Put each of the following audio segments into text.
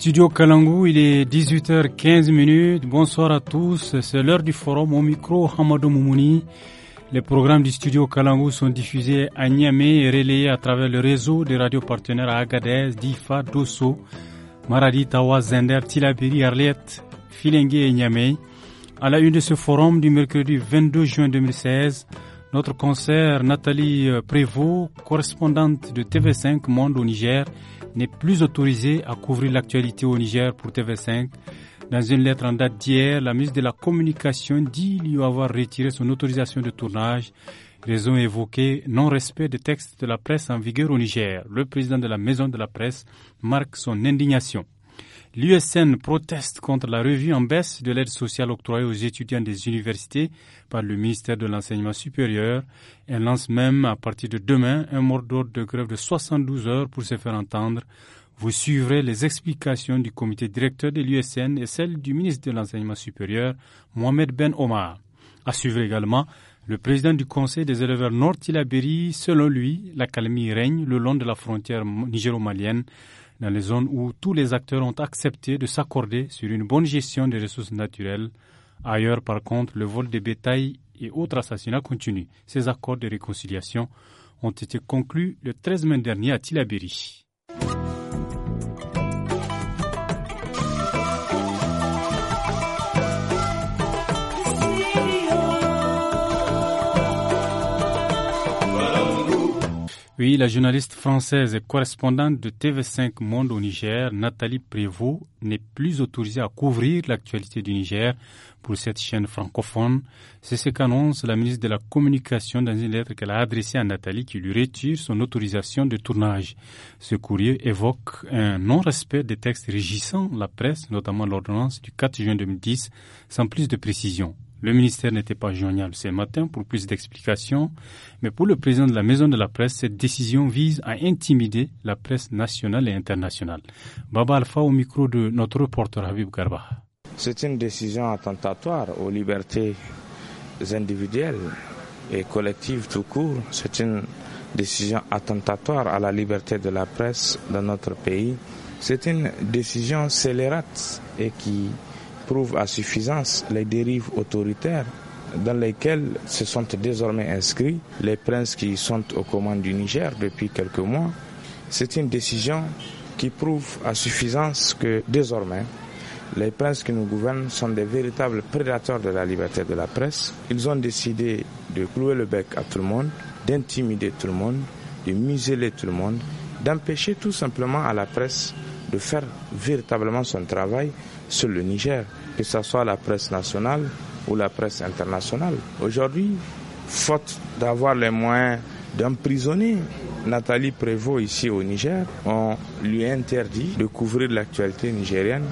Studio Kalangou, il est 18h15 Bonsoir à tous. C'est l'heure du forum au micro Hamadou Moumouni. Les programmes du Studio Kalangou sont diffusés à Niamey et relayés à travers le réseau des radios partenaires à Agadez, Difa, Dosso, Maradi, Tawa, Zender, Tilabiri, Arlette, Filengue et Niamey. À la une de ce forum du mercredi 22 juin 2016, notre concert Nathalie euh, Prévost, correspondante de TV5 Monde au Niger, n'est plus autorisé à couvrir l'actualité au Niger pour TV5. Dans une lettre en date d'hier, la ministre de la Communication dit lui avoir retiré son autorisation de tournage. Raison évoquée, non-respect des textes de la presse en vigueur au Niger. Le président de la maison de la presse marque son indignation. L'USN proteste contre la revue en baisse de l'aide sociale octroyée aux étudiants des universités par le ministère de l'Enseignement supérieur. Elle lance même à partir de demain un moratoire de grève de 72 heures pour se faire entendre. Vous suivrez les explications du comité directeur de l'USN et celles du ministre de l'Enseignement supérieur, Mohamed Ben Omar. À suivre également le président du Conseil des éleveurs nord tilabéry selon lui, la calmie règne le long de la frontière nigéro-malienne dans les zones où tous les acteurs ont accepté de s'accorder sur une bonne gestion des ressources naturelles. Ailleurs, par contre, le vol de bétail et autres assassinats continuent. Ces accords de réconciliation ont été conclus le 13 mai dernier à Tilabéry. Oui, la journaliste française et correspondante de TV5 Monde au Niger, Nathalie Prévost, n'est plus autorisée à couvrir l'actualité du Niger pour cette chaîne francophone. C'est ce qu'annonce la ministre de la Communication dans une lettre qu'elle a adressée à Nathalie qui lui retire son autorisation de tournage. Ce courrier évoque un non-respect des textes régissant la presse, notamment l'ordonnance du 4 juin 2010, sans plus de précision. Le ministère n'était pas génial. ce matin pour plus d'explications, mais pour le président de la Maison de la Presse, cette décision vise à intimider la presse nationale et internationale. Baba Alpha au micro de notre reporter Habib Garba. C'est une décision attentatoire aux libertés individuelles et collectives tout court. C'est une décision attentatoire à la liberté de la presse dans notre pays. C'est une décision scélérate et qui prouve à suffisance les dérives autoritaires dans lesquelles se sont désormais inscrits les princes qui sont aux commandes du Niger depuis quelques mois. C'est une décision qui prouve à suffisance que désormais, les princes qui nous gouvernent sont des véritables prédateurs de la liberté de la presse. Ils ont décidé de clouer le bec à tout le monde, d'intimider tout le monde, de museler tout le monde, d'empêcher tout simplement à la presse de faire véritablement son travail sur le Niger, que ce soit la presse nationale ou la presse internationale. Aujourd'hui, faute d'avoir les moyens d'emprisonner Nathalie Prévost ici au Niger, on lui interdit de couvrir l'actualité nigérienne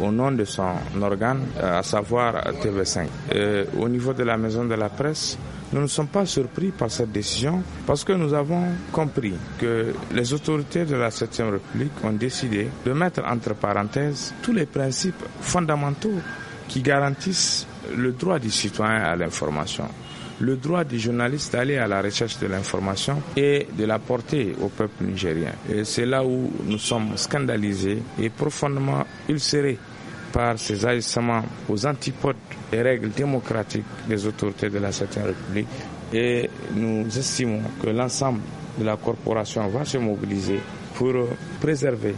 au nom de son organe, à savoir TV5. Euh, au niveau de la maison de la presse, nous ne sommes pas surpris par cette décision parce que nous avons compris que les autorités de la Septième République ont décidé de mettre entre parenthèses tous les principes fondamentaux qui garantissent le droit du citoyen à l'information, le droit des journalistes d'aller à la recherche de l'information et de la porter au peuple nigérien. Et c'est là où nous sommes scandalisés et profondément ulcérés par ses agissements aux antipodes des règles démocratiques des autorités de la Septième République et nous estimons que l'ensemble de la corporation va se mobiliser pour préserver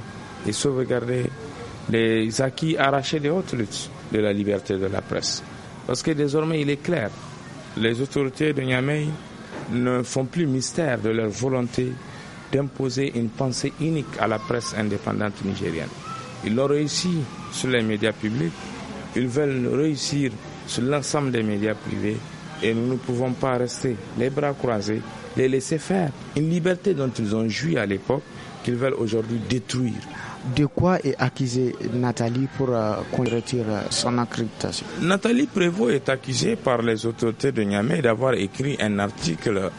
et sauvegarder les acquis arrachés des hautes luttes de la liberté de la presse. Parce que désormais, il est clair, les autorités de Niamey ne font plus mystère de leur volonté d'imposer une pensée unique à la presse indépendante nigérienne. Ils l'ont réussi sur les médias publics, ils veulent réussir sur l'ensemble des médias privés et nous ne pouvons pas rester les bras croisés, les laisser faire. Une liberté dont ils ont joui à l'époque qu'ils veulent aujourd'hui détruire. De quoi est accusée Nathalie pour euh, son accréditation Nathalie Prévost est accusée par les autorités de Niamey d'avoir écrit un article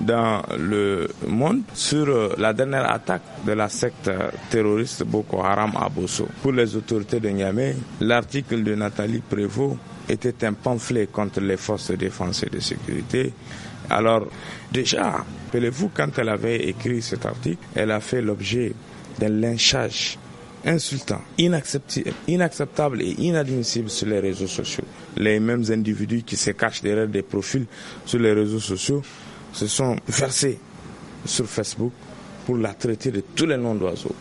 dans le monde sur euh, la dernière attaque de la secte terroriste Boko Haram à Bosso. Pour les autorités de Niamey, l'article de Nathalie Prévost était un pamphlet contre les forces de défense et de sécurité. Alors, déjà, rappelez-vous, quand elle avait écrit cet article, elle a fait l'objet d'un lynchage insultant, inacceptable et inadmissible sur les réseaux sociaux. Les mêmes individus qui se cachent derrière des profils sur les réseaux sociaux se sont versés sur Facebook pour la traiter de tous les noms d'oiseaux,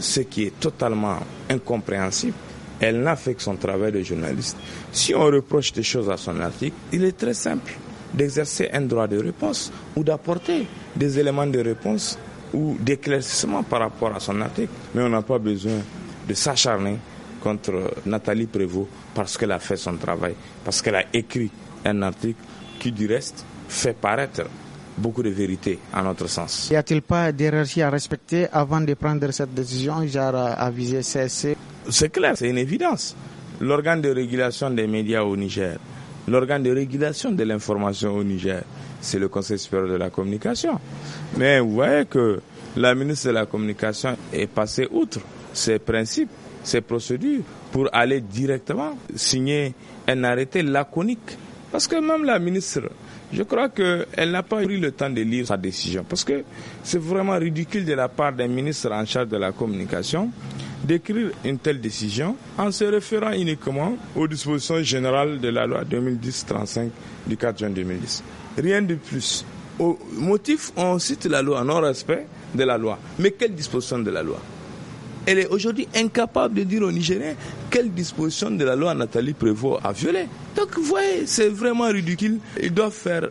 ce qui est totalement incompréhensible. Elle n'a fait que son travail de journaliste. Si on reproche des choses à son article, il est très simple d'exercer un droit de réponse ou d'apporter des éléments de réponse ou d'éclaircissement par rapport à son article. Mais on n'a pas besoin de s'acharner contre Nathalie Prévost parce qu'elle a fait son travail, parce qu'elle a écrit un article qui du reste fait paraître beaucoup de vérités à notre sens. Y a-t-il pas d'hierarchie à respecter avant de prendre cette décision, genre à viser CSC C'est clair, c'est une évidence. L'organe de régulation des médias au Niger, l'organe de régulation de l'information au Niger, c'est le Conseil supérieur de la communication. Mais vous voyez que la ministre de la communication est passée outre ces principes, ces procédures, pour aller directement signer un arrêté laconique. Parce que même la ministre je crois qu'elle n'a pas eu le temps de lire sa décision parce que c'est vraiment ridicule de la part d'un ministre en charge de la communication d'écrire une telle décision en se référant uniquement aux dispositions générales de la loi 2010-35 du 4 juin 2010. Rien de plus. Au motif, on cite la loi, non-respect de la loi. Mais quelle disposition de la loi elle est aujourd'hui incapable de dire aux Nigériens quelle disposition de la loi Nathalie Prévost a violer. Donc vous voyez, c'est vraiment ridicule. Ils doivent faire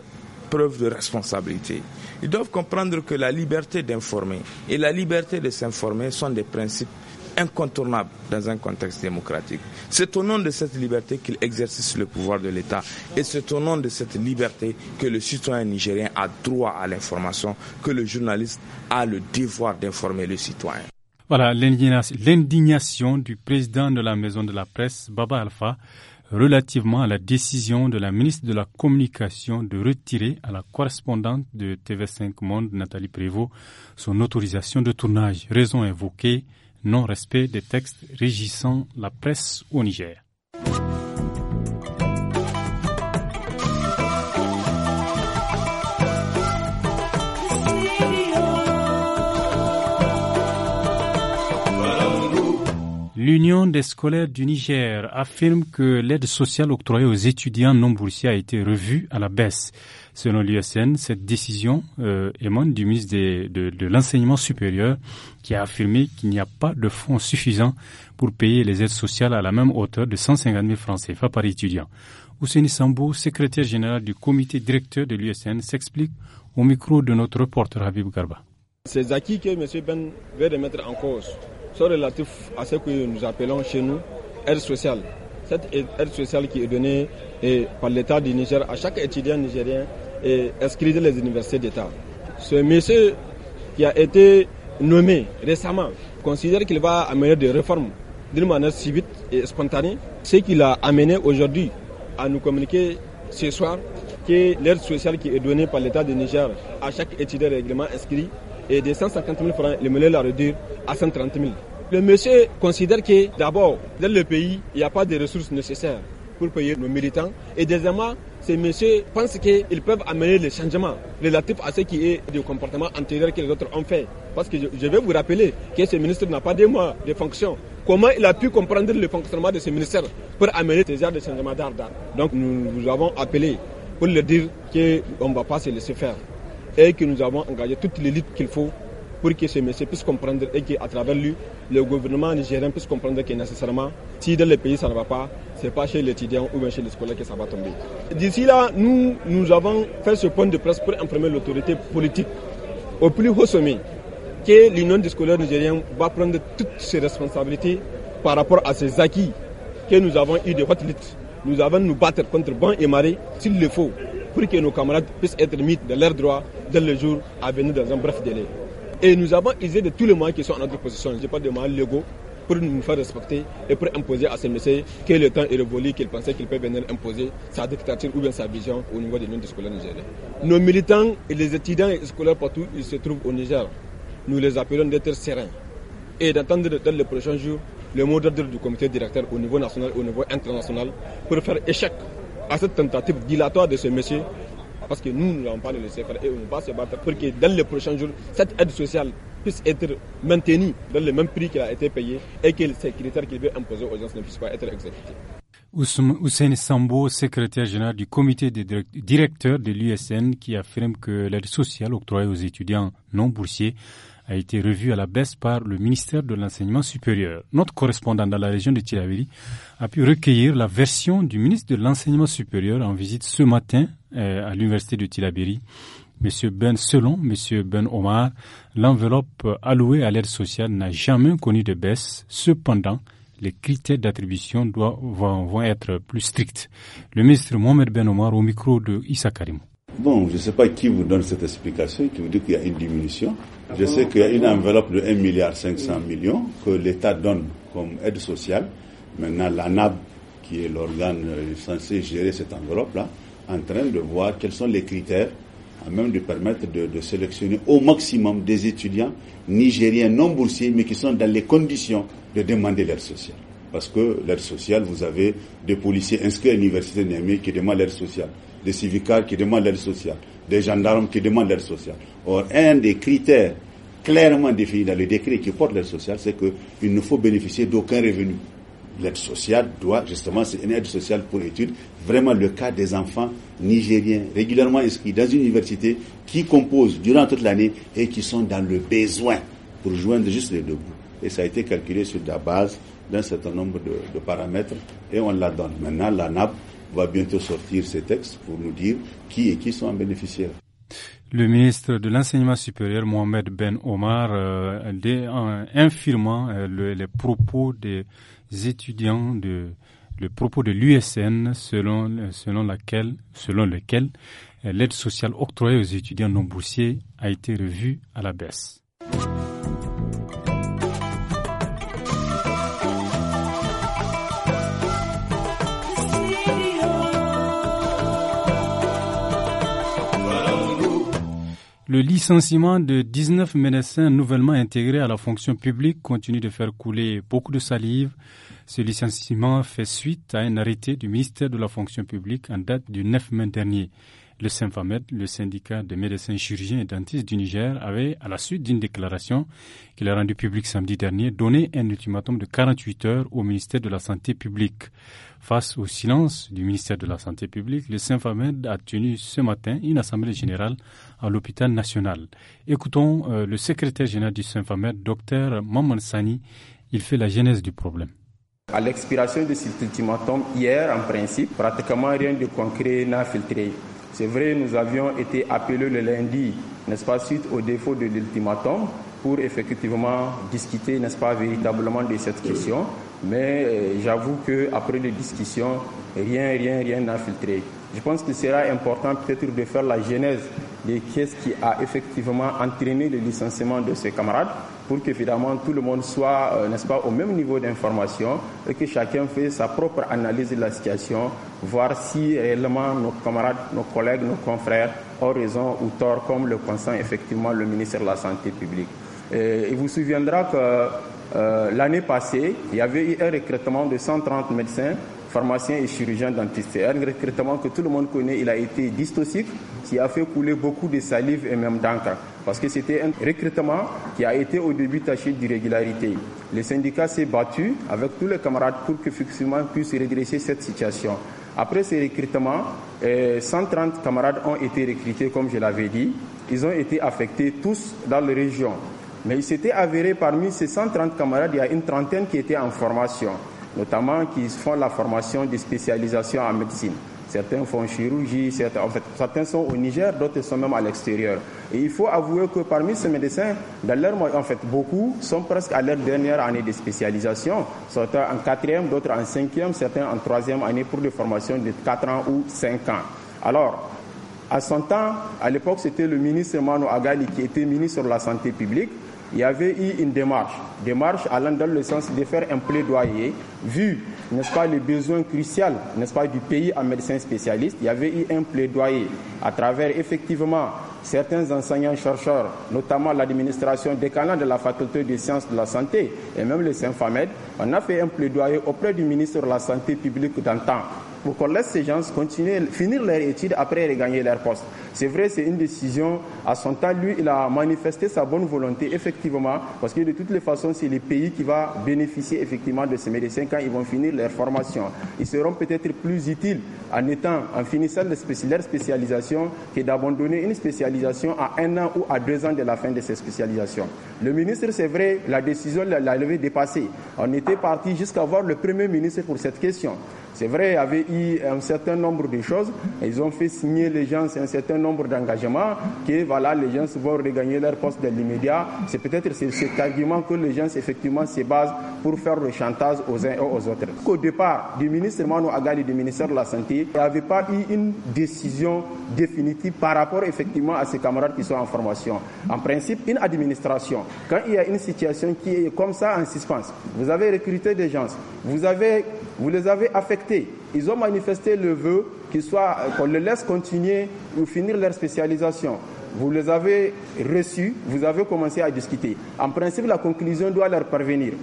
preuve de responsabilité. Ils doivent comprendre que la liberté d'informer et la liberté de s'informer sont des principes incontournables dans un contexte démocratique. C'est au nom de cette liberté qu'il exerce le pouvoir de l'État et c'est au nom de cette liberté que le citoyen nigérien a droit à l'information, que le journaliste a le devoir d'informer le citoyen. Voilà l'indignation du président de la maison de la presse, Baba Alpha, relativement à la décision de la ministre de la Communication de retirer à la correspondante de TV5 Monde, Nathalie Prévost, son autorisation de tournage. Raison évoquée, non-respect des textes régissant la presse au Niger. L'Union des scolaires du Niger affirme que l'aide sociale octroyée aux étudiants non boursiers a été revue à la baisse. Selon l'USN, cette décision euh, émane du ministre de, l'Enseignement supérieur qui a affirmé qu'il n'y a pas de fonds suffisants pour payer les aides sociales à la même hauteur de 150 000 francs CFA par étudiant. Ousse Sambou, secrétaire général du comité directeur de l'USN, s'explique au micro de notre reporter Habib Garba. Ces acquis que M. Ben veut remettre en cause sont relatifs à ce que nous appelons chez nous aide sociale. Cette aide sociale qui est donnée eh, par l'État du Niger à chaque étudiant nigérien et eh, inscrit dans les universités d'État. Ce monsieur qui a été nommé récemment considère qu'il va amener des réformes d'une manière civile et spontanée. Ce qu'il a amené aujourd'hui à nous communiquer ce soir, que l'aide sociale qui est donnée par l'État du Niger à chaque étudiant règlement inscrit et de 150 000 francs, le mollet l'a réduire à 130 000. Le monsieur considère que d'abord, dans le pays, il n'y a pas de ressources nécessaires pour payer nos militants. Et deuxièmement, ces messieurs pensent qu'ils peuvent amener les changements relatifs à ce qui est du comportement antérieur que les autres ont fait. Parce que je, vais vous rappeler que ce ministre n'a pas des mois de fonction. Comment il a pu comprendre le fonctionnement de ce ministère pour amener ces gens de changement d'art Donc nous vous avons appelé pour leur dire qu'on ne va pas se laisser faire et que nous avons engagé toute l'élite qu'il faut pour que ce monsieur puisse comprendre et qu'à travers lui, le gouvernement nigérien puisse comprendre que nécessairement, si dans le pays ça ne va pas, ce pas chez l'étudiant ou bien chez les scolaires que ça va tomber. D'ici là, nous, nous avons fait ce point de presse pour informer l'autorité politique au plus haut sommet que l'Union des scolaires nigériens va prendre toutes ses responsabilités par rapport à ces acquis que nous avons eu de votre lutte. Nous avons nous battre contre bon et marée s'il le faut pour que nos camarades puissent être mis de leurs droits dès le jour à venir dans un bref délai. Et nous avons usé de tous les moyens qui sont à notre position. Je pas de moyens légaux pour nous faire respecter et pour imposer à ces messieurs que le temps est révolu, qu'ils pensaient qu'ils peuvent venir imposer sa dictature ou bien sa vision au niveau des l'Union scolaires nigériens. Nos militants et les étudiants et scolaires partout, ils se trouvent au Niger. Nous les appelons d'être sereins et d'attendre dans les prochains jours le mot d'ordre du comité directeur au niveau national et au niveau international pour faire échec à cette tentative dilatoire de ce monsieur parce que nous, nous n'avons pas de laisser faire et on va se battre pour que dans les prochains jours, cette aide sociale puisse être maintenue dans le même prix qu'elle a été payée et que ces critères qu'il veut imposer aux gens ne puissent pas être exécutés. Hussein Sambo, secrétaire général du comité des directeurs de l'USN, qui affirme que l'aide sociale octroyée aux étudiants non boursiers a été revue à la baisse par le ministère de l'Enseignement supérieur. Notre correspondant dans la région de Tiraviri a pu recueillir la version du ministre de l'Enseignement supérieur en visite ce matin euh, à l'université de Tiraviri. Monsieur Ben, selon Monsieur Ben Omar, l'enveloppe allouée à l'aide sociale n'a jamais connu de baisse. Cependant, les critères d'attribution vont, être plus stricts. Le ministre Mohamed Ben Omar au micro de Issa Karim. Bon, je ne sais pas qui vous donne cette explication, qui vous dit qu'il y a une diminution. Je sais qu'il y a une enveloppe de 1,5 milliard millions que l'État donne comme aide sociale. Maintenant, l'ANAB, qui est l'organe euh, censé gérer cette enveloppe-là, en train de voir quels sont les critères à même de permettre de, sélectionner au maximum des étudiants nigériens non boursiers, mais qui sont dans les conditions de demander l'aide sociale parce que l'aide sociale, vous avez des policiers inscrits à l'université Niamey qui demandent l'aide sociale, des civicards qui demandent l'aide sociale, des gendarmes qui demandent l'aide sociale. Or, un des critères clairement défini dans le décret qui porte l'aide sociale, c'est qu'il ne faut bénéficier d'aucun revenu. L'aide sociale doit, justement, c'est une aide sociale pour études, vraiment le cas des enfants nigériens régulièrement inscrits dans une université qui composent durant toute l'année et qui sont dans le besoin pour joindre juste les deux bouts. Et ça a été calculé sur la base d'un certain nombre de, paramètres et on la donne. Maintenant, la NAP va bientôt sortir ses textes pour nous dire qui et qui sont en bénéficiaire le ministre de l'Enseignement supérieur, Mohamed Ben Omar, euh, infirmant euh, les propos des étudiants de le propos de l'USN selon, selon selon lequel euh, l'aide sociale octroyée aux étudiants non boursiers a été revue à la baisse. Le licenciement de 19 médecins nouvellement intégrés à la fonction publique continue de faire couler beaucoup de salive. Ce licenciement fait suite à un arrêté du ministère de la fonction publique en date du 9 mai dernier. Le SYNFAMED, le syndicat des médecins chirurgiens et dentistes du Niger, avait, à la suite d'une déclaration qu'il a rendue publique samedi dernier, donné un ultimatum de 48 heures au ministère de la Santé publique. Face au silence du ministère de la Santé publique, le SYNFAMED a tenu ce matin une assemblée générale à l'hôpital national. Écoutons euh, le secrétaire général du saint docteur Dr Maman Sani. Il fait la genèse du problème. À l'expiration de cet ultimatum, hier, en principe, pratiquement rien de concret n'a filtré. C'est vrai, nous avions été appelés le lundi, n'est-ce pas, suite au défaut de l'ultimatum, pour effectivement discuter, n'est-ce pas, véritablement de cette question. Mais euh, j'avoue j'avoue qu'après les discussions, rien, rien, rien n'a filtré. Je pense qu'il sera important peut-être de faire la genèse quest ce qui a effectivement entraîné le licenciement de ses camarades pour qu'évidemment tout le monde soit, euh, n'est-ce pas, au même niveau d'information et que chacun fasse sa propre analyse de la situation, voir si réellement nos camarades, nos collègues, nos confrères ont raison ou tort, comme le consent effectivement le ministère de la Santé publique. Et il vous souviendra que euh, l'année passée, il y avait eu un recrutement de 130 médecins, pharmaciens et chirurgiens dentistes. Un recrutement que tout le monde connaît, il a été dystocique qui a fait couler beaucoup de salive et même d'encre, parce que c'était un recrutement qui a été au début taché d'irrégularité. Le syndicat s'est battu avec tous les camarades pour que effectivement puisse redresser cette situation. Après ce recrutement, 130 euh, camarades ont été recrutés, comme je l'avais dit. Ils ont été affectés tous dans la région. Mais il s'était avéré parmi ces 130 camarades, il y a une trentaine qui étaient en formation, notamment qui font la formation de spécialisation en médecine. Certains font chirurgie, certains, en fait, certains sont au Niger, d'autres sont même à l'extérieur. Et il faut avouer que parmi ces médecins, dans en fait, beaucoup sont presque à leur dernière année de spécialisation, certains en quatrième, d'autres en cinquième, certains en troisième année pour des formations de 4 ans ou 5 ans. Alors, à son temps, à l'époque, c'était le ministre Mano Agali qui était ministre de la Santé publique. Il y avait eu une démarche, démarche allant dans le sens de faire un plaidoyer, vu n'est-ce pas, le besoin crucial, nest pas, du pays en médecins spécialistes. Il y avait eu un plaidoyer à travers, effectivement, certains enseignants-chercheurs, notamment l'administration décalant de la faculté des sciences de la santé et même le saint on a fait un plaidoyer auprès du ministre de la Santé publique d'antan pour qu'on laisse ces gens continuer, finir leur études après regagner leur poste. C'est vrai, c'est une décision à son temps. Lui, il a manifesté sa bonne volonté, effectivement, parce que de toutes les façons, c'est le pays qui va bénéficier effectivement de ces médecins quand ils vont finir leur formation. Ils seront peut-être plus utiles en étant, en finissant leur spécialisation que d'abandonner une spécialisation à un an ou à deux ans de la fin de ces spécialisations. Le ministre, c'est vrai, la décision l'a levé dépassée. On était parti jusqu'à voir le premier ministre pour cette question. C'est vrai, il y avait eu un certain nombre de choses. Ils ont fait signer les gens un certain nombre d'engagements que voilà, les gens vont regagner leur poste dans l'immédiat. C'est peut-être cet argument que les gens effectivement se basent pour faire le chantage aux uns et aux autres. Au départ du ministre Mano Agali du ministère de la Santé, il n'y avait pas eu une décision définitive par rapport effectivement à ses camarades qui sont en formation. En principe, une administration, quand il y a une situation qui est comme ça en suspens, vous avez recruté des gens, vous, avez, vous les avez affectés ils ont manifesté le vœu euh, qu'on les laisse continuer ou finir leur spécialisation. Vous les avez reçus, vous avez commencé à discuter. En principe, la conclusion doit leur parvenir.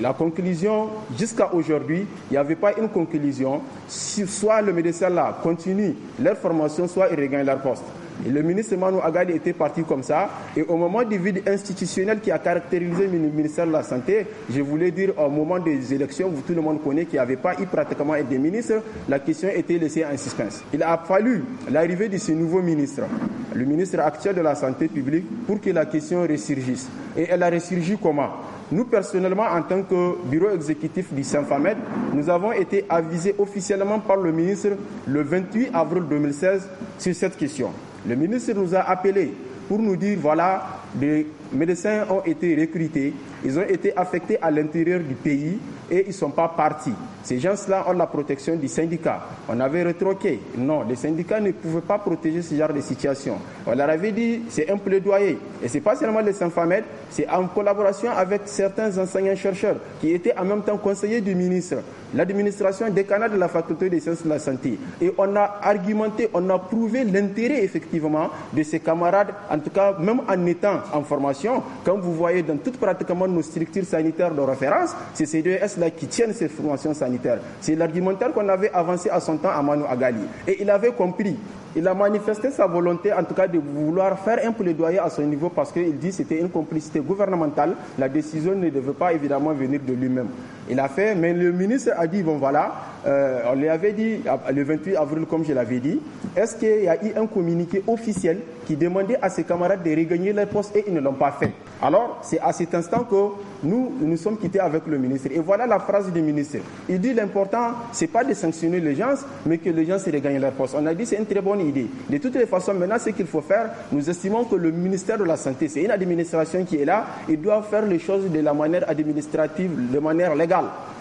La conclusion, jusqu'à aujourd'hui, il n'y avait pas une conclusion. Soit le médecin là continue leur formation, soit il regagne leur poste le ministre Manou Agadi était parti comme ça. Et au moment du vide institutionnel qui a caractérisé le ministère de la Santé, je voulais dire au moment des élections, vous, tout le monde connaît qu'il n'y avait pas eu pratiquement des ministres, la question était laissée en suspense. Il a fallu l'arrivée de ce nouveau ministre, le ministre actuel de la Santé publique, pour que la question ressurgisse. Et elle a ressurgi comment nous, personnellement, en tant que bureau exécutif du saint nous avons été avisés officiellement par le ministre le 28 avril 2016 sur cette question. Le ministre nous a appelés pour nous dire, voilà, des médecins ont été recrutés, ils ont été affectés à l'intérieur du pays et ils ne sont pas partis. Ces gens-là ont la protection du syndicat. On avait retroqué. Non, les syndicats ne pouvaient pas protéger ce genre de situation. On leur avait dit, c'est un plaidoyer. Et ce n'est pas seulement les saint c'est en collaboration avec certains enseignants-chercheurs qui étaient en même temps conseillers du ministre, l'administration décanale de la faculté des sciences de la santé. Et on a argumenté, on a prouvé l'intérêt effectivement de ces camarades, en tout cas même en étant en formation, comme vous voyez dans toutes pratiquement nos structures sanitaires de référence, c'est e s qui tiennent ces formations sanitaires. C'est l'argumentaire qu'on avait avancé à son temps à Manu Agali. Et il avait compris. Il a manifesté sa volonté, en tout cas, de vouloir faire un plaidoyer à son niveau parce qu'il dit que c'était une complicité gouvernementale. La décision ne devait pas évidemment venir de lui-même. Il a fait, mais le ministre a dit, bon voilà, euh, on lui avait dit le 28 avril, comme je l'avais dit, est-ce qu'il y a eu un communiqué officiel qui demandait à ses camarades de regagner leur poste et ils ne l'ont pas fait Alors, c'est à cet instant que nous nous sommes quittés avec le ministre. Et voilà la phrase du ministre. Il dit l'important, c'est pas de sanctionner les gens, mais que les gens se regagnent leur poste. On a dit c'est une très bonne idée. De toutes les façons, maintenant, ce qu'il faut faire, nous estimons que le ministère de la Santé, c'est une administration qui est là, il doit faire les choses de la manière administrative, de manière légale.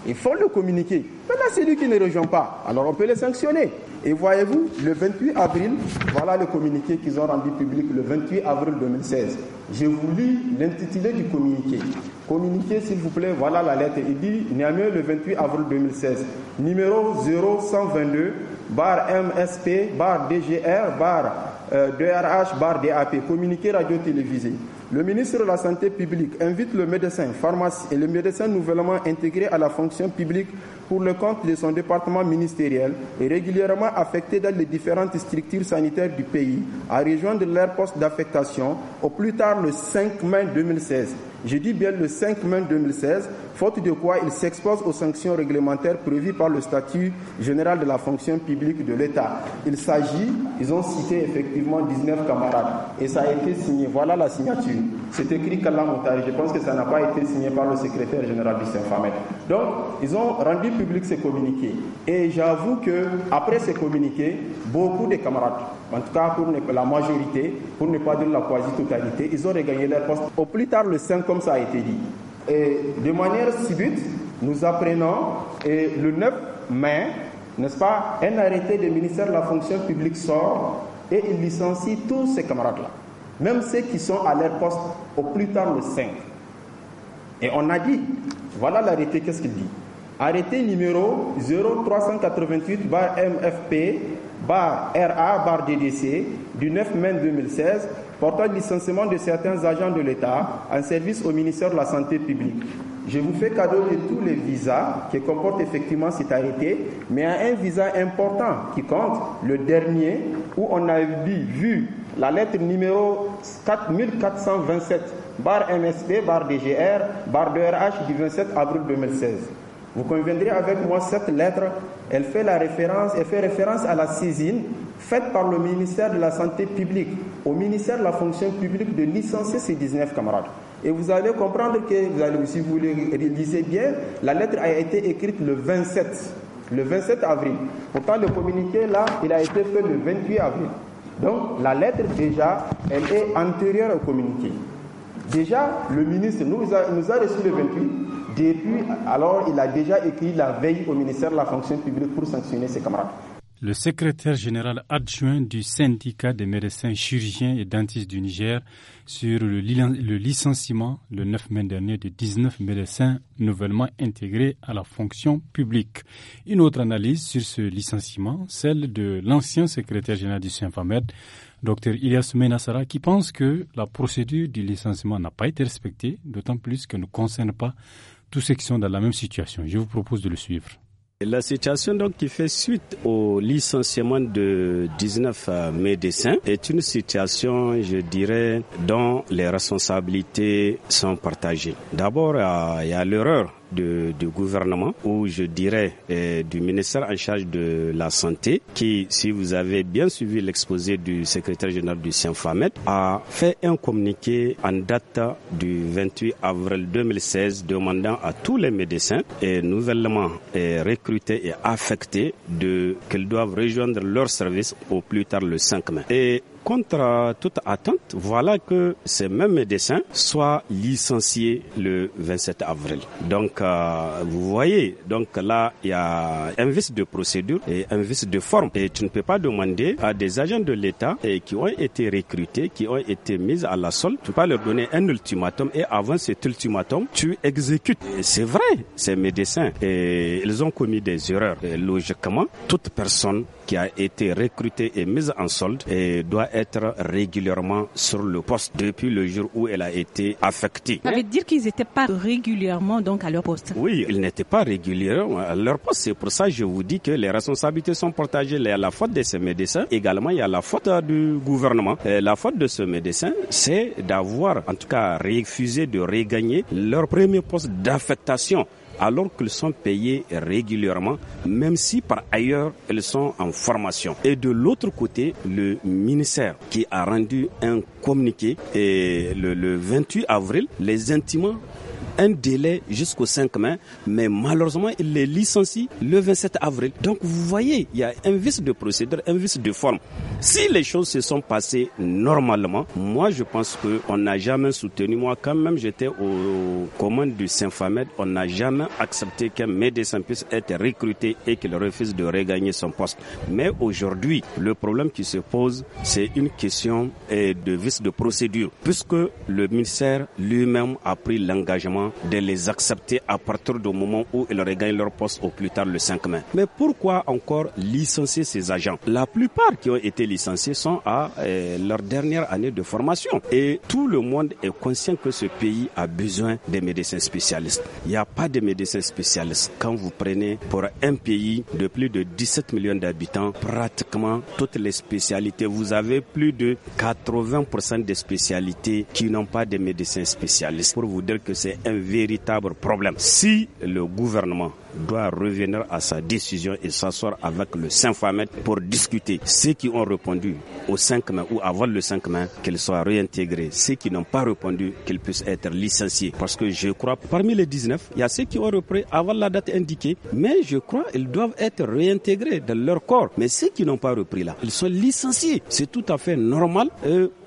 Il faut le communiquer. Maintenant, lui qui ne rejoint pas, alors on peut les sanctionner. Et voyez-vous, le 28 avril, voilà le communiqué qu'ils ont rendu public le 28 avril 2016. J'ai voulu lis l'intitulé du communiqué. Communiqué, s'il vous plaît, voilà la lettre. Il dit néanmoins, le 28 avril 2016, numéro 0122, bar MSP, bar DGR, bar euh, DRH, bar DAP, communiqué radio-télévisé. Le ministre de la Santé publique invite le médecin, pharmacie et le médecin nouvellement intégré à la fonction publique pour le compte de son département ministériel et régulièrement affecté dans les différentes structures sanitaires du pays à rejoindre leur poste d'affectation au plus tard le 5 mai 2016. Je dis bien le 5 mai 2016 faute de quoi ils s'exposent aux sanctions réglementaires prévues par le statut général de la fonction publique de l'État. Il s'agit, ils ont cité effectivement 19 camarades, et ça a été signé. Voilà la signature. C'est écrit Kalamotari. Je pense que ça n'a pas été signé par le secrétaire général du Saint-Famet. Donc, ils ont rendu public ces communiqués. Et j'avoue que après ces communiqués, beaucoup de camarades, en tout cas pour la majorité, pour ne pas dire la quasi-totalité, ils ont regagné leur poste. Au plus tard, le 5, comme ça a été dit. Et de manière subite, nous apprenons et le 9 mai, n'est-ce pas, un arrêté du ministère de la fonction publique sort et il licencie tous ces camarades-là, même ceux qui sont à leur poste au plus tard le 5. Et on a dit, voilà l'arrêté, qu'est-ce qu'il dit Arrêté numéro 0388 MFP RA DDC du 9 mai 2016 portant licenciement de certains agents de l'État en service au ministère de la Santé publique. Je vous fais cadeau de tous les visas qui comportent effectivement cet arrêté, mais à un visa important qui compte, le dernier, où on a vu la lettre numéro 4427, barre MSP, barre DGR, barre DRH du 27 avril 2016. Vous conviendrez avec moi, cette lettre, elle fait, la référence, elle fait référence à la saisine faite par le ministère de la Santé publique au ministère de la Fonction publique de licencier ses 19 camarades. Et vous allez comprendre que, vous allez, si vous lisez bien, la lettre a été écrite le 27, le 27 avril. Pourtant, le communiqué, là, il a été fait le 28 avril. Donc, la lettre, déjà, elle est antérieure au communiqué. Déjà, le ministre nous a, nous a reçu le 28. Depuis, alors, il a déjà écrit la veille au ministère de la fonction publique pour sanctionner ses camarades. Le secrétaire général adjoint du syndicat des médecins chirurgiens et dentistes du Niger sur le, licenciement le 9 mai dernier de 19 médecins nouvellement intégrés à la fonction publique. Une autre analyse sur ce licenciement, celle de l'ancien secrétaire général du Famed, Dr Ilyas Menassara, qui pense que la procédure du licenciement n'a pas été respectée, d'autant plus qu'elle ne concerne pas tous ceux qui sont dans la même situation. Je vous propose de le suivre. La situation donc qui fait suite au licenciement de 19 euh, médecins est une situation, je dirais, dont les responsabilités sont partagées. D'abord, euh, il y a l'erreur de, de gouvernement ou je dirais euh, du ministère en charge de la santé qui, si vous avez bien suivi l'exposé du secrétaire général du CINFAMED, a fait un communiqué en date du 28 avril 2016 demandant à tous les médecins et nouvellement et euh, recrutés et affectés de qu'ils doivent rejoindre leur service au plus tard le 5 mai contre euh, toute attente, voilà que ces mêmes médecins soient licenciés le 27 avril. Donc, euh, vous voyez, donc là, il y a un vice de procédure et un vice de forme. Et tu ne peux pas demander à des agents de l'État qui ont été recrutés, qui ont été mis à la solde, tu peux pas leur donner un ultimatum et avant cet ultimatum, tu exécutes. C'est vrai, ces médecins, et ils ont commis des erreurs. logiquement, toute personne qui a été recrutée et mise en solde et doit être régulièrement sur le poste depuis le jour où elle a été affectée. Ça veut dire qu'ils n'étaient pas régulièrement donc à leur poste Oui, ils n'étaient pas régulièrement à leur poste. C'est pour ça que je vous dis que les responsabilités sont partagées. Il y a la faute de ces médecins, également il y a la faute du gouvernement. Et la faute de ce médecin, c'est d'avoir en tout cas refusé de regagner leur premier poste d'affectation alors qu'elles sont payées régulièrement, même si par ailleurs elles sont en formation. Et de l'autre côté, le ministère qui a rendu un communiqué le, le 28 avril les intimants un délai jusqu'au 5 mai, mais malheureusement, il est licencié le 27 avril. Donc vous voyez, il y a un vice de procédure, un vice de forme. Si les choses se sont passées normalement, moi je pense qu'on n'a jamais soutenu, moi quand même j'étais au commandes du saint Saint-Famed, on n'a jamais accepté qu'un médecin puisse être recruté et qu'il refuse de regagner son poste. Mais aujourd'hui, le problème qui se pose, c'est une question eh, de vice de procédure, puisque le ministère lui-même a pris l'engagement de les accepter à partir du moment où ils regagnent leur poste au plus tard le 5 mai. Mais pourquoi encore licencier ces agents La plupart qui ont été licenciés sont à euh, leur dernière année de formation. Et tout le monde est conscient que ce pays a besoin des médecins spécialistes. Il n'y a pas de médecins spécialistes. Quand vous prenez pour un pays de plus de 17 millions d'habitants, pratiquement toutes les spécialités, vous avez plus de 80% des spécialités qui n'ont pas de médecins spécialistes. Pour vous dire que c'est un un véritable problème. Si le gouvernement doit revenir à sa décision et s'asseoir avec le mai pour discuter. Ceux qui ont répondu au 5 mai ou avant le 5 mai, qu'ils soient réintégrés. Ceux qui n'ont pas répondu, qu'ils puissent être licenciés. Parce que je crois, parmi les 19, il y a ceux qui ont repris avant la date indiquée, mais je crois qu'ils doivent être réintégrés dans leur corps. Mais ceux qui n'ont pas repris là, ils sont licenciés. C'est tout à fait normal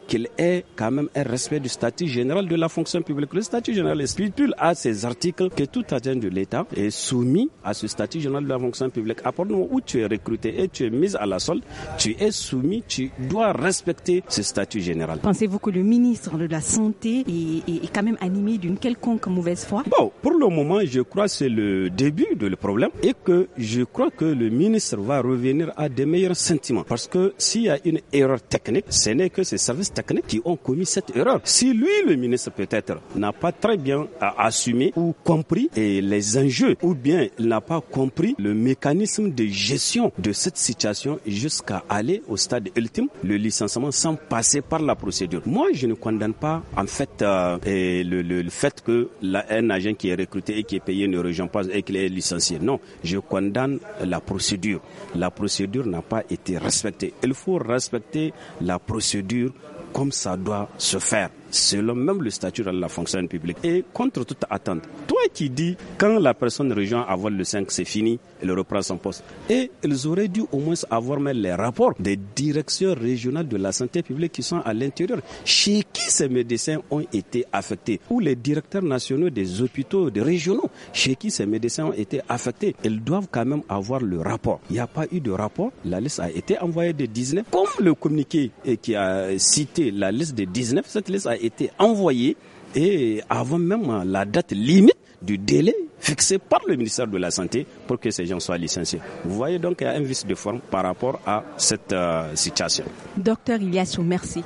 qu'il ait quand même un respect du statut général de la fonction publique. Le statut général stipule à ces articles que tout agent de l'État est soumis à ce statut général de la fonction publique. À partir moment où tu es recruté et tu es mis à la solde, tu es soumis, tu dois respecter ce statut général. Pensez-vous que le ministre de la Santé est, quand même animé d'une quelconque mauvaise foi Bon, pour le moment, je crois que c'est le début de le problème et que je crois que le ministre va revenir à des meilleurs sentiments. Parce que s'il y a une erreur technique, ce n'est que ces services techniques qui ont commis cette erreur. Si lui, le ministre peut-être, n'a pas très bien euh, assumé ou compris les enjeux, ou bien n'a pas compris le mécanisme de gestion de cette situation jusqu'à aller au stade ultime, le licenciement sans passer par la procédure. Moi, je ne condamne pas en fait euh, le, fait que un agent qui est recruté et qui est payé ne rejoint pas et qu'il est licencié. Non, je condamne la procédure. La procédure n'a pas été respectée. Il faut respecter la procédure comme ça doit se faire selon même le statut de la fonction publique. Et contre toute attente, toi qui dis quand la personne rejoint volé le 5, c'est fini, elle reprend son poste. Et ils auraient dû au moins avoir même les rapports des directeurs régionales de la santé publique qui sont à l'intérieur, chez qui ces médecins ont été affectés, ou les directeurs nationaux des hôpitaux des régionaux, chez qui ces médecins ont été affectés. Ils doivent quand même avoir le rapport. Il n'y a pas eu de rapport. La liste a été envoyée de 19. Comme le communiqué euh, qui a cité la liste de 19, cette liste a été envoyé et avant même la date limite du délai fixé par le ministère de la Santé pour que ces gens soient licenciés. Vous voyez donc qu'il y a un vice de forme par rapport à cette euh, situation. Docteur Iliassou, merci.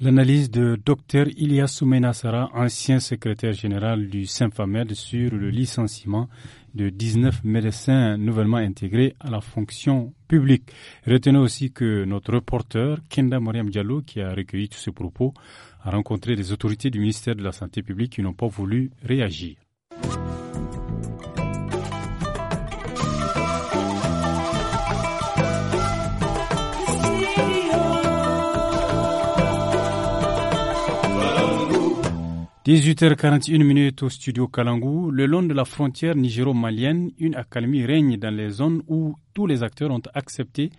L'analyse de Docteur Iliassou Menassara, ancien secrétaire général du SYMFAMED, sur le licenciement de 19 médecins nouvellement intégrés à la fonction publique. Retenez aussi que notre reporter, Kenda Moriam Diallo, qui a recueilli tous ces propos, a rencontré les autorités du ministère de la Santé publique qui n'ont pas voulu réagir. « 18h41 au studio Kalangou, le long de la frontière nigéro-malienne, une accalmie règne dans les zones où tous les acteurs ont accepté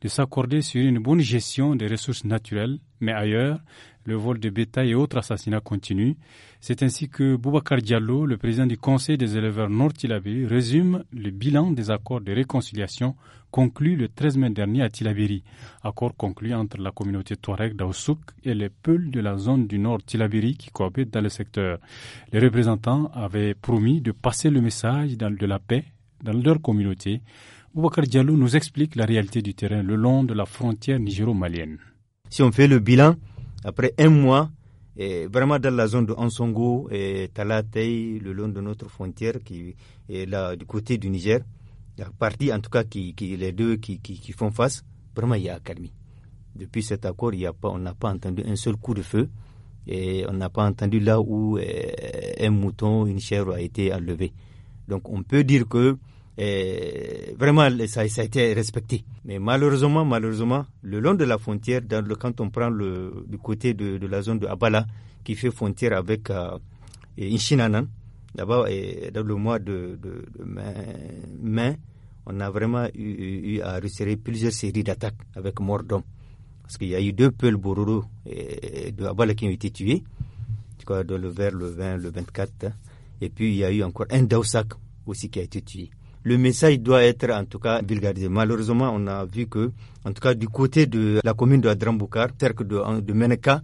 de s'accorder sur une bonne gestion des ressources naturelles, mais ailleurs, le vol de bétail et autres assassinats continuent. C'est ainsi que Boubacar Diallo, le président du Conseil des éleveurs nord tilabé résume le bilan des accords de réconciliation conclus le 13 mai dernier à Tilabéry. Accord conclu entre la communauté Touareg d'Aoussouk et les Peuls de la zone du nord Tilabéry qui cohabitent dans le secteur. Les représentants avaient promis de passer le message de la paix dans leur communauté. Boubacar Diallo nous explique la réalité du terrain le long de la frontière nigéro-malienne. Si on fait le bilan, après un mois, et vraiment dans la zone de Ansongo, et Talatei, le long de notre frontière, qui est là du côté du Niger, la partie en tout cas qui, les deux qui, qui, font face, vraiment il y a accalmie. Depuis cet accord, il y a pas, on n'a pas entendu un seul coup de feu et on n'a pas entendu là où eh, un mouton, une chèvre a été enlevée. Donc on peut dire que et vraiment, ça, ça, a été respecté. Mais malheureusement, malheureusement, le long de la frontière, dans le, quand on prend le, du côté de, la zone de Abala, qui fait frontière avec euh, Inchinanan, d'abord, dans le mois de, mai, on a vraiment eu, à resserrer plusieurs séries d'attaques avec mort d'hommes. Parce qu'il y a eu deux peuls Bororo et, de Abala qui ont été tués, dans le vers le 20, le 24. Hein. Et puis, il y a eu encore un Daosak aussi qui a été tué le message doit être en tout cas vulgarisé. Malheureusement, on a vu que, en tout cas du côté de la commune de Adramboukar, cercle de, de Meneka,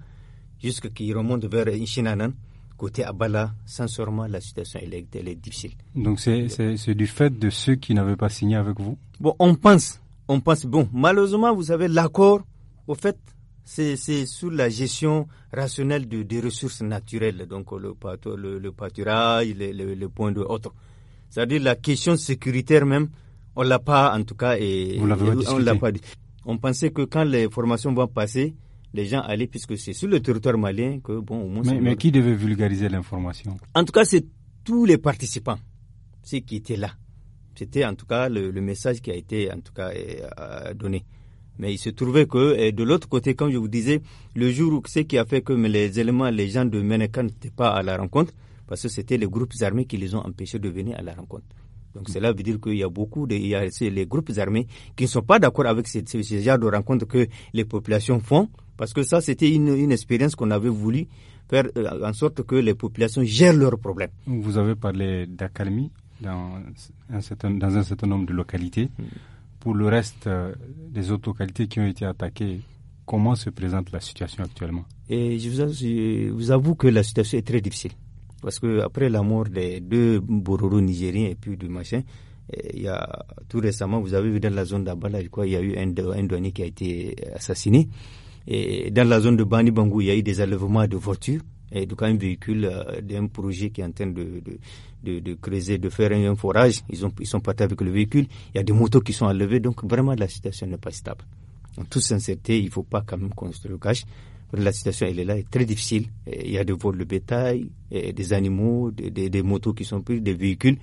jusqu'à qu'il remonte vers Inchinanan, côté Abala, sincèrement, la situation est, difficile. Donc c'est du fait de ceux qui n'avaient pas signé avec vous Bon, on pense, on pense, bon, malheureusement, vous savez, l'accord, au fait, c'est sous la gestion rationnelle des ressources naturelles, donc le, le, le pâturage, le, point de autres. C'est-à-dire la question sécuritaire même, on l'a pas en tout cas et, on pas dit. On pensait que quand les formations vont passer, les gens allaient puisque c'est sur le territoire malien que bon au moins. Mais, qui devait vulgariser l'information En tout cas, c'est tous les participants, ceux qui étaient là. C'était en tout cas le, message qui a été en tout cas euh, donné. Mais il se trouvait que de l'autre côté, comme je vous disais, le jour où c'est qui a fait que les éléments, les gens de Ménaka n'étaient pas à la rencontre, parce que c'était les groupes armés qui les ont empêchés de venir à la rencontre. Donc cela veut dire qu'il y a beaucoup de, les groupes armés qui ne sont pas d'accord avec ce, genre de rencontres que les populations font, parce que ça c'était une, expérience qu'on avait voulu faire euh, en sorte que les populations gèrent leurs problèmes. Vous avez parlé d'accalmie dans un certain, dans un certain nombre de localités. Mm. Pour le reste euh, des autres localités qui ont été attaquées, comment se présente la situation actuellement Et je vous avoue que la situation est très difficile. Parce que après la mort des deux Bororo nigériens et puis du machin, eh, il y a, tout récemment, vous avez vu dans la zone d'Abala, je il y a eu un, douanier qui a été euh, assassiné. Et dans la zone de Bani Bangou, il y a eu des enlèvements de voitures et donc un véhicule euh, d'un projet qui est en train de, de, de, creuser, de faire un, forage. Ils, ont, ils sont partis avec le véhicule. Il y a des motos qui sont enlevées. Donc vraiment, la situation n'est pas stable. En toute sincérité, il ne faut pas quand même construire le cache la situation elle est là, est très difficile. Il y a des vols de bétail, des animaux, des, motos qui sont prises, des véhicules.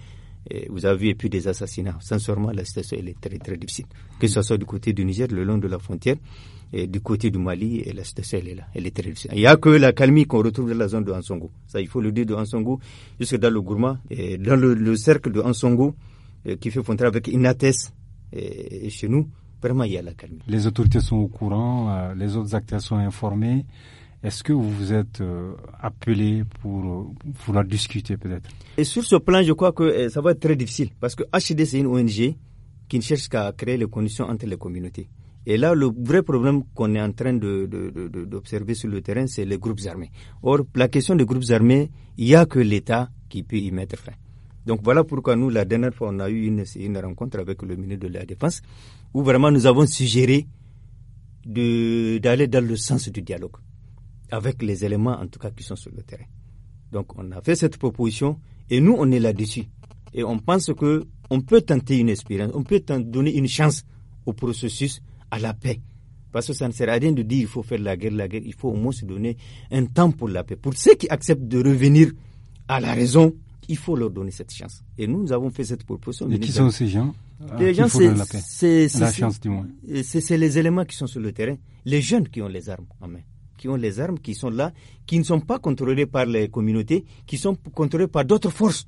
vous avez vu, et puis des assassinats. Sincèrement, la situation elle est très très difficile. Que ce soit du côté du Niger, le long de la frontière, et du côté du Mali, la situation elle est là, elle est très difficile. Il n'y a que la calmie qu'on retrouve dans la zone de Ansongo. Ça, il faut le dire de Ansongo, jusque dans le Gourma, et dans le, cercle de Ansongo, euh, qui fait frontière avec Inates, chez nous. Vraiment, il y a la calme. Les autorités sont au courant, euh, les autres acteurs sont informés. Est-ce que vous vous êtes euh, appelé pour euh, vouloir discuter peut-être Et sur ce plan, je crois que ça va être très difficile parce que HD, c'est une ONG qui ne cherche qu'à créer les conditions entre les communautés. Et là, le vrai problème qu'on est en train d'observer sur le terrain, c'est les groupes armés. Or, la question des groupes armés, il n'y a que l'État qui peut y mettre fin. Donc voilà pourquoi nous, la dernière fois, on a eu une, une rencontre avec le ministre de la Défense où vraiment nous avons suggéré d'aller dans le sens du dialogue, avec les éléments en tout cas qui sont sur le terrain. Donc on a fait cette proposition et nous on est là-dessus. Et on pense qu'on peut tenter une expérience, on peut donner une chance au processus, à la paix. Parce que ça ne sert à rien de dire il faut faire la guerre, la guerre, il faut au moins se donner un temps pour la paix. Pour ceux qui acceptent de revenir à la raison, il faut leur donner cette chance. Et nous, nous avons fait cette proposition. Et qui sont ces gens ah, les gens, c'est c'est les éléments qui sont sur le terrain, les jeunes qui ont les armes en main, qui ont les armes, qui sont là, qui ne sont pas contrôlés par les communautés, qui sont contrôlés par d'autres forces.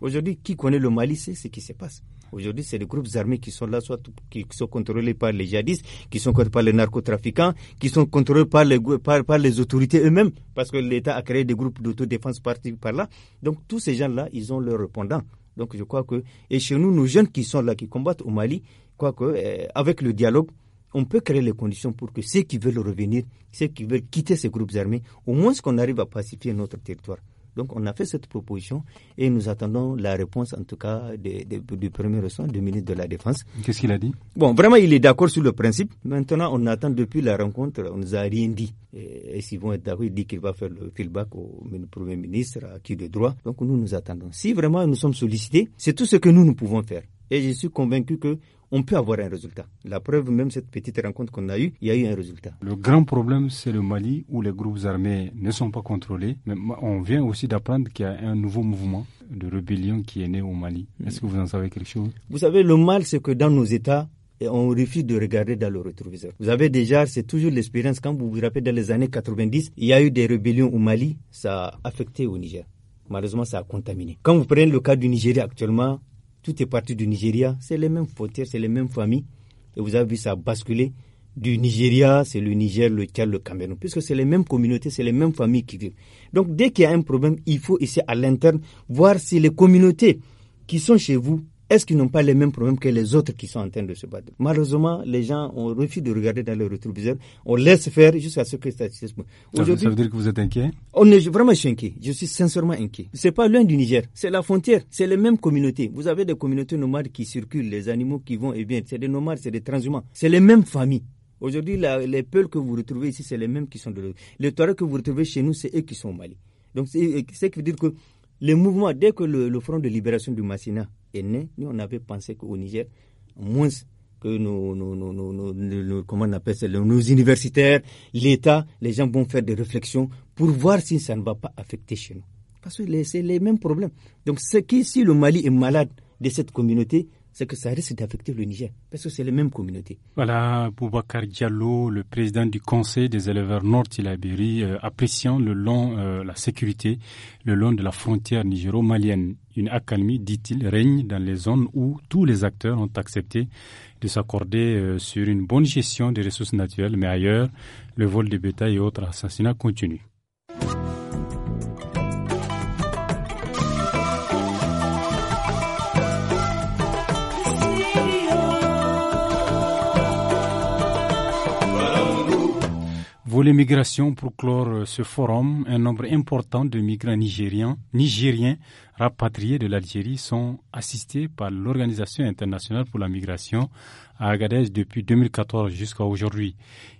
Aujourd'hui, qui connaît le Mali c'est ce qui se passe. Aujourd'hui, c'est des groupes armés qui sont là, soit qui sont contrôlés par les djihadistes, qui sont contrôlés par les narcotrafiquants, qui sont contrôlés par les, autorités eux-mêmes, parce que l'État a créé des groupes d'autodéfense par, par là. Donc, tous ces gens-là, ils ont leur répondant. Donc je crois que, et chez nous, nos jeunes qui sont là, qui combattent au Mali, quoi que, euh, avec le dialogue, on peut créer les conditions pour que ceux qui veulent revenir, ceux qui veulent quitter ces groupes armés, au moins qu'on arrive à pacifier notre territoire. Donc on a fait cette proposition et nous attendons la réponse en tout cas du premier ressort du ministre de la Défense. Qu'est-ce qu'il a dit Bon, vraiment il est d'accord sur le principe. Maintenant on attend depuis la rencontre, on ne nous a rien dit. Et, s'ils vont être d'accord, il dit qu'il va faire le feedback au, au premier ministre à qui de droit. Donc nous nous attendons. Si vraiment nous sommes sollicités, c'est tout ce que nous nous pouvons faire. Et je suis convaincu que on peut avoir un résultat. La preuve, même cette petite rencontre qu'on a eue, il y a eu un résultat. Le grand problème, c'est le Mali où les groupes armés ne sont pas contrôlés. Mais on vient aussi d'apprendre qu'il y a un nouveau mouvement de rébellion qui est né au Mali. Est-ce que vous en savez quelque chose Vous savez, le mal, c'est que dans nos États, eh, on refuse de regarder dans le rétroviseur. Vous avez déjà, c'est toujours l'expérience, quand vous vous rappelez dans les années 90, il y a eu des rébellions au Mali, ça a affecté au Niger malheureusement, ça a contaminé. Quand vous prenez le cas du Niger actuellement, tout est parti du Nigeria. C'est les mêmes frontières, c'est les mêmes familles. Et vous avez vu ça basculer du Nigeria, c'est le Niger, le Tchad, le Cameroun, puisque c'est les mêmes communautés, c'est les mêmes familles qui vivent. Donc dès qu'il y a un problème, il faut essayer à l'interne voir si les communautés qui sont chez vous est-ce qu'ils n'ont pas les mêmes problèmes que les autres qui sont en train de se battre Malheureusement, les gens, ont refusé de regarder dans le rétroviseur, on laisse faire jusqu'à ce que ça se Aujourd'hui, Ça veut dire que vous êtes inquiet Vraiment, je suis inquiet. Je suis sincèrement inquiet. Ce n'est pas loin du Niger, c'est la frontière, c'est les mêmes communautés. Vous avez des communautés nomades qui circulent, les animaux qui vont et viennent. C'est des nomades, c'est des transhumants. C'est les mêmes familles. Aujourd'hui, les peules que vous retrouvez ici, c'est les mêmes qui sont de l'autre. Les toilettes que vous retrouvez chez nous, c'est eux qui sont au Mali. Donc, c'est ce qui veut dire que le mouvement, dès que le, Front de libération du Massina est né, nous, on avait pensé qu'au Niger, moins que nos, comment appelle nos universitaires, l'État, les gens vont faire des réflexions pour voir si ça ne va pas affecter chez nous. Parce que c'est les mêmes problèmes. Donc, ce qui, si le Mali est malade de cette communauté, c'est que ça risque d'affecter le Niger, parce que c'est les mêmes communautés. Voilà, Boubacar Diallo, le président du Conseil des éleveurs nord il euh, appréciant le long, euh, la sécurité le long de la frontière nigéro-malienne. Une accalmie, dit-il, règne dans les zones où tous les acteurs ont accepté de s'accorder euh, sur une bonne gestion des ressources naturelles, mais ailleurs, le vol de bétail et autres assassinats continuent. Pour les migrations, pour clore euh, ce forum, un nombre important de migrants nigériens, nigériens rapatriés de l'Algérie sont assistés par l'Organisation internationale pour la migration à Agadez depuis 2014 jusqu'à aujourd'hui.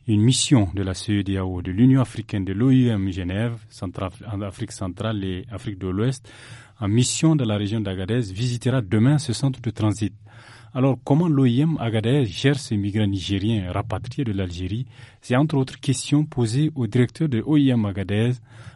Une mission de la CEDAO, de l'Union africaine, de l'OIM Genève, en Afrique centrale et Afrique de l'Ouest, en mission dans la région d'Agadez, visitera demain ce centre de transit. Alors, comment l'OIM Agadez gère ces migrants nigériens rapatriés de l'Algérie C'est entre autres questions posées au directeur de l'OIM Agadez,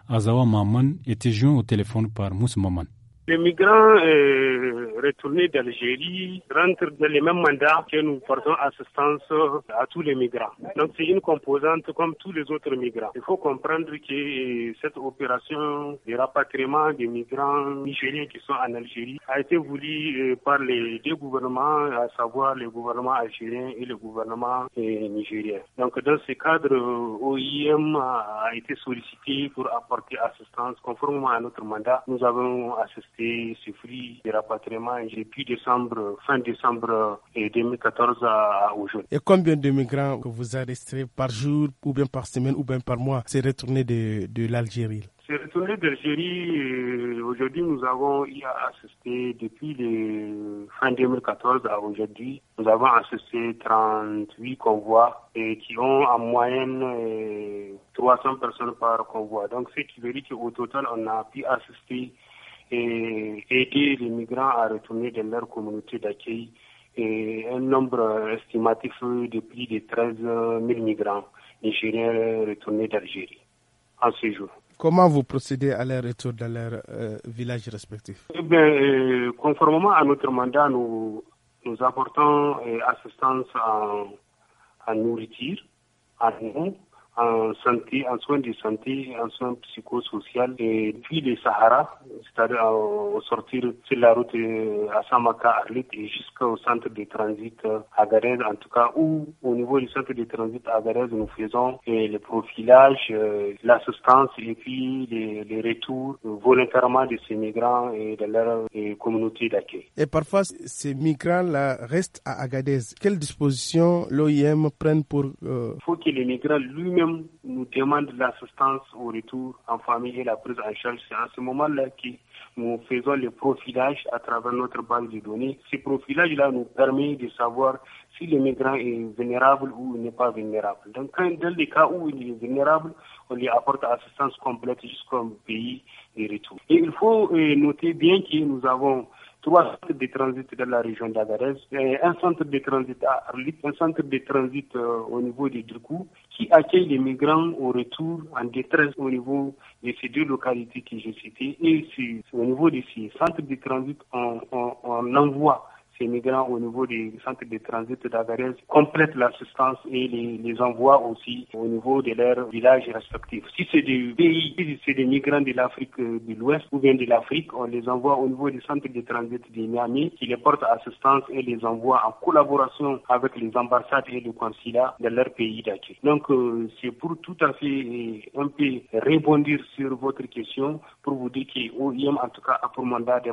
Azawa Maman, était joint au téléphone par Moussa Maman. Les migrants euh, retournés d'Algérie rentrent dans les mêmes mandats que nous portons assistance à tous les migrants. Donc c'est une composante comme tous les autres migrants. Il faut comprendre que euh, cette opération de rapatriement des migrants nigériens qui sont en Algérie a été voulue euh, par les deux gouvernements, à savoir le gouvernement algérien et le gouvernement euh, nigérien. Donc dans ce cadre, OIM a été sollicité pour apporter assistance conformément à notre mandat. Nous avons assisté et ce fruit de rapatriement depuis décembre, fin décembre 2014 euh, à aujourd'hui. Et combien de migrants que vous arrêtez par jour, ou bien par semaine, ou bien par mois, s'est retourné de, l'Algérie c'est retourné d'Algérie. Euh, aujourd'hui, nous avons assisté depuis le fin 2014 à aujourd'hui. Nous avons assisté 38 convois et qui ont en moyenne 300 euh, personnes par convoi. Donc, ce qui veut dire qu'au total, on a pu assister et aider les migrants à retourner dans leur communauté d'accueil. Et un nombre estimatif de plus de 13 000 migrants nigériens retournés d'Algérie en ce jour. Comment vous procédez à leur retour dans leur euh, village respectif eh bien, euh, Conformément à notre mandat, nous, nous apportons euh, assistance à à nourriture, à nous, en santé, en soins de santé, en soins psychosocial et puis le Sahara, c'est-à-dire au sortir sur la route euh, à Samaka, Arlit et jusqu'au centre de transit euh, à Garez, en tout cas, où au niveau du centre de transit à Garez, nous faisons euh, le profilage, l'assistance et puis les, retours volontairement de ces migrants et de leur communauté d'accueil. Et parfois, ces migrants-là restent à Agadez. Quelles dispositions l'OIM prennent pour... Il faut que les migrants lui-même nous demandons l'assistance au retour en famille et la prise en charge. C'est à ce moment-là que nous faisons le profilage à travers notre banque de données. Ce profilage-là nous permet de savoir si le migrant est vulnérable ou n'est pas vulnérable. Donc, dans les cas où il est vulnérable, on lui apporte assistance complète jusqu'au pays de retour. Et il faut euh, noter bien que nous avons trois centres de transit dans la région d'Agarès, un centre de transit à un centre de transit euh, au niveau de Drukou qui accueille les migrants au retour en détresse au niveau de ces deux localités que j'ai citées. Et au niveau de ces centres de transit, en on envoie ces migrants au niveau des centres de transit d'Agarès complètent l'assistance et les, envoient aussi au niveau de leurs villages respectifs. Si c'est des pays, si c'est des migrants de l'Afrique euh, de l'Ouest ou bien de l'Afrique, on les envoie au niveau du centres de transit de Miami qui les porte assistance et les envoie en collaboration avec les ambassades et le consulat de leur pays d'accueil. Donc euh, c'est pour tout à fait euh, un peu rebondir sur votre question pour vous dire qu'au OIM en tout cas a pour mandat de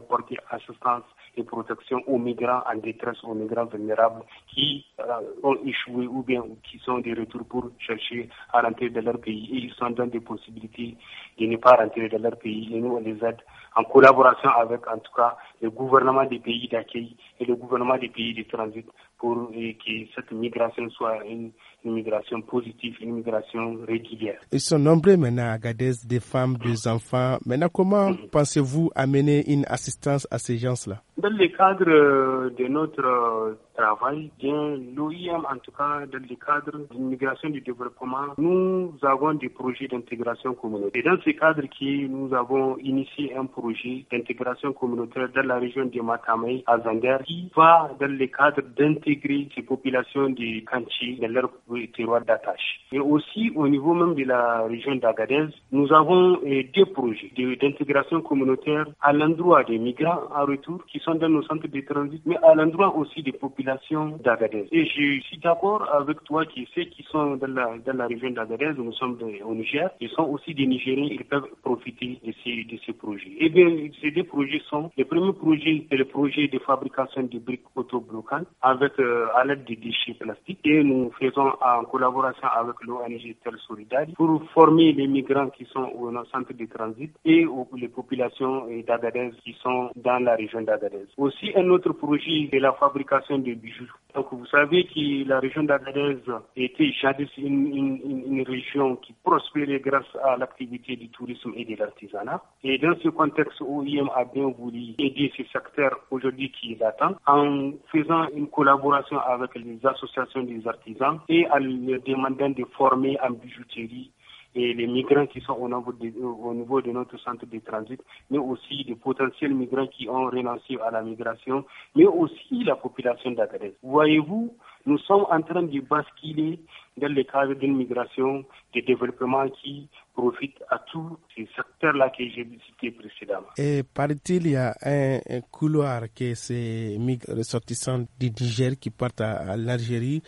assistance et protection aux migrants en détresse, aux migrants vulnérables qui euh, ont échoué ou bien qui sont de retour pour chercher à rentrer dans leur pays. Et ils sont dans des possibilités de ne pas rentrer dans leur pays et nous, on les aide en collaboration avec en tout cas le gouvernement des pays d'accueil et le gouvernement des pays de transit pour euh, que cette migration soit une, migration positive, une migration régulière. Ils sont nombreux maintenant à Gadez, des femmes, des enfants. Maintenant, comment mhm. pensez-vous amener une assistance à ces gens-là Dans le cadre euh, de notre euh, travail, bien l'OIM en tout cas, dans le cadre d'une migration du développement, nous avons des projets d'intégration communautaire. Et dans ce cadre qui nous avons initié un projet projet d'intégration communautaire dans la région de Matamay à qui va dans le cadre d'intégrer ces populations de Kanchi dans leur territoire d'attache. Et aussi au niveau même de la région d'Agadez, nous avons euh, deux projets d'intégration communautaire à l'endroit des migrants en retour qui sont dans nos centres de transit, mais à l'endroit aussi des populations d'Agadez. Et je suis d'accord avec toi qui ceux qui sont dans la, la région d'Agadez, nous sommes en Niger, ils sont aussi des Nigériens, ils peuvent profiter de ces, de ces projets. Et ces deux projets sont, le premier projet, c'est le projet de fabrication de briques autobloquantes avec, euh, à l'aide des déchets plastiques et nous faisons en collaboration avec l'ONG Tel Solidarité pour former les migrants qui sont au centre de transit et les populations euh, d'Agadez qui sont dans la région d'Agadez. Aussi, un autre projet est la fabrication de bijoux. Donc, vous savez que la région d'Agadez était jadis une, une région qui prospérait grâce à l'activité du tourisme et de l'artisanat. Et dans ce contexte, contexte où a bien voulu aider ce secteur aujourd'hui qui l'attend en faisant une collaboration avec les associations des artisans et en leur demandant de former en bijouterie et les migrants qui sont au euh, niveau, de, notre centre de transit, mais aussi les potentiels migrants qui ont renoncé à la migration, mais aussi la population d'adresse. Voyez-vous, nous sommes en train de basculer dans le cadre d'une migration de développement qui profite à tous ces secteurs-là que j'ai cités précédemment. Et paraît-il, il y a un, couloir que ces ressortissants du Niger qui partent à, l'Algérie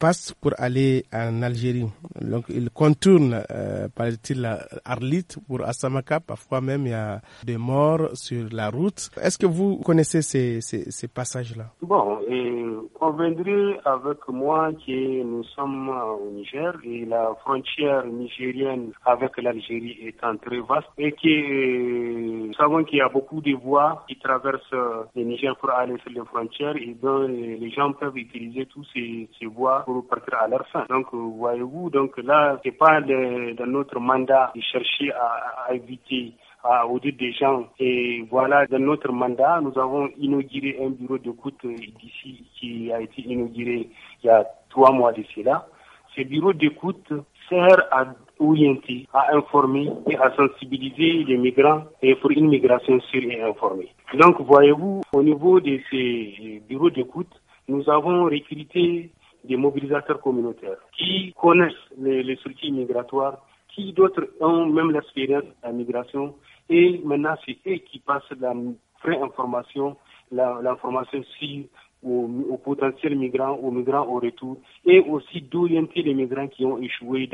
passent pour aller en Algérie. Donc ils contournent, euh, paraît-il, Arlit pour Assamaka. Parfois même, il y a des morts sur la route. Est-ce que vous connaissez ces, passages-là Bon, et conviendrez avec moi que nous sommes au Niger et la frontière nigérienne avec l'Algérie est très vaste et que nous savons qu'il y a beaucoup de voies qui traversent le Niger pour aller sur les frontières et donc les gens peuvent utiliser tous ces, voies pour partir à leur fin. Donc euh, voyez-vous, donc là n'est pas dans notre mandat de chercher à, éviter à auditer des gens. Et voilà, dans notre mandat, nous avons inauguré un bureau d'écoute d'ici qui a été inauguré il y a trois mois de cela. Ces bureaux d'écoute servent à orienter, à informer et à sensibiliser les migrants et pour une migration sûre et informée. Donc, voyez-vous, au niveau de ces bureaux d'écoute, nous avons recruté des mobilisateurs communautaires qui connaissent les, les migratoires, qui d'autres ont même l'expérience de la migration et maintenant c'est eux qui passent la vraie information, l'information sur aux, potentiels migrants, aux migrants au retour, et aussi d'orienter les migrants qui ont échoué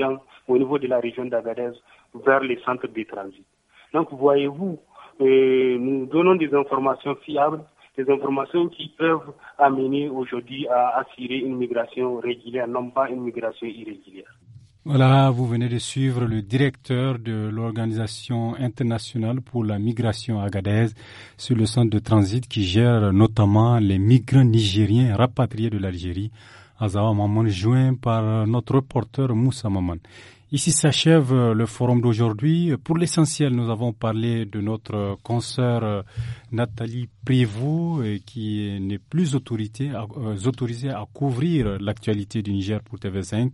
au niveau de la région d'Agadez vers les centres de transit. Donc, voyez-vous, euh, nous donnons des informations fiables, des informations qui peuvent amener aujourd'hui à assurer une migration régulière, non pas une migration irrégulière. Voilà, vous venez de suivre le directeur de l'Organisation internationale pour la migration Agadez sur le centre de transit qui gère notamment les migrants nigériens rapatriés de l'Algérie. Azawa Maman, joint par notre reporter Moussa Maman. Ici s'achève le forum d'aujourd'hui. Pour l'essentiel, nous avons parlé de notre consoeur euh, Nathalie Prévost, euh, qui n'est plus euh, autorisée à couvrir l'actualité du Niger pour TV5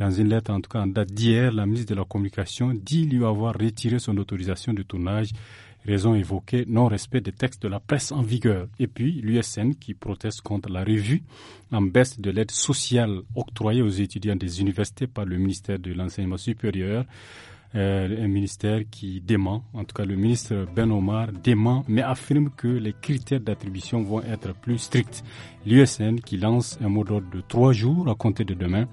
dans une lettre en tout cas en date d'hier, la ministre de la Communication dit lui avoir retiré son autorisation de tournage, raison évoquée non-respect des textes de la presse en vigueur. Et puis l'USN qui proteste contre la revue en baisse de l'aide sociale octroyée aux étudiants des universités par le ministère de l'Enseignement supérieur. Euh, un ministère qui dément, en tout cas le ministre Ben Omar dément, mais affirme que les critères d'attribution vont être plus stricts. L'USN qui lance un mot d'ordre de trois jours à compter de demain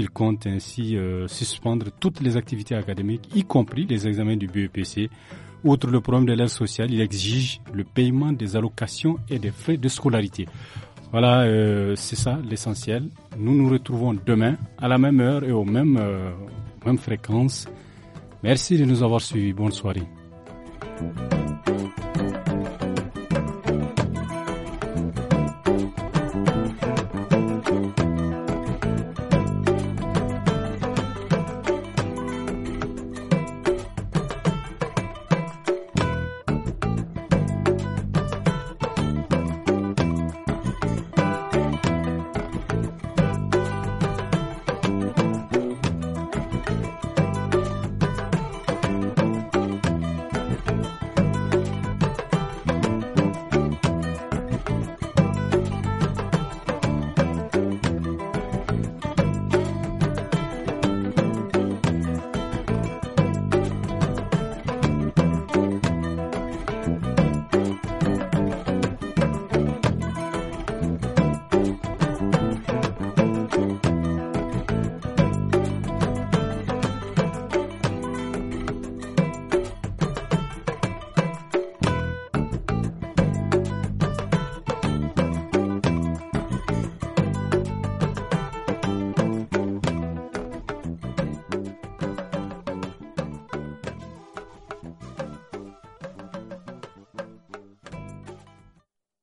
il compte ainsi euh, suspendre toutes les activités académiques, y compris les examens du BEPC. Outre le problème de l'aide sociale, il exige le paiement des allocations et des frais de scolarité. Voilà, euh, c'est ça l'essentiel. Nous nous retrouvons demain à la même heure et aux mêmes euh, fréquences. Merci de nous avoir suivis. Bonne soirée.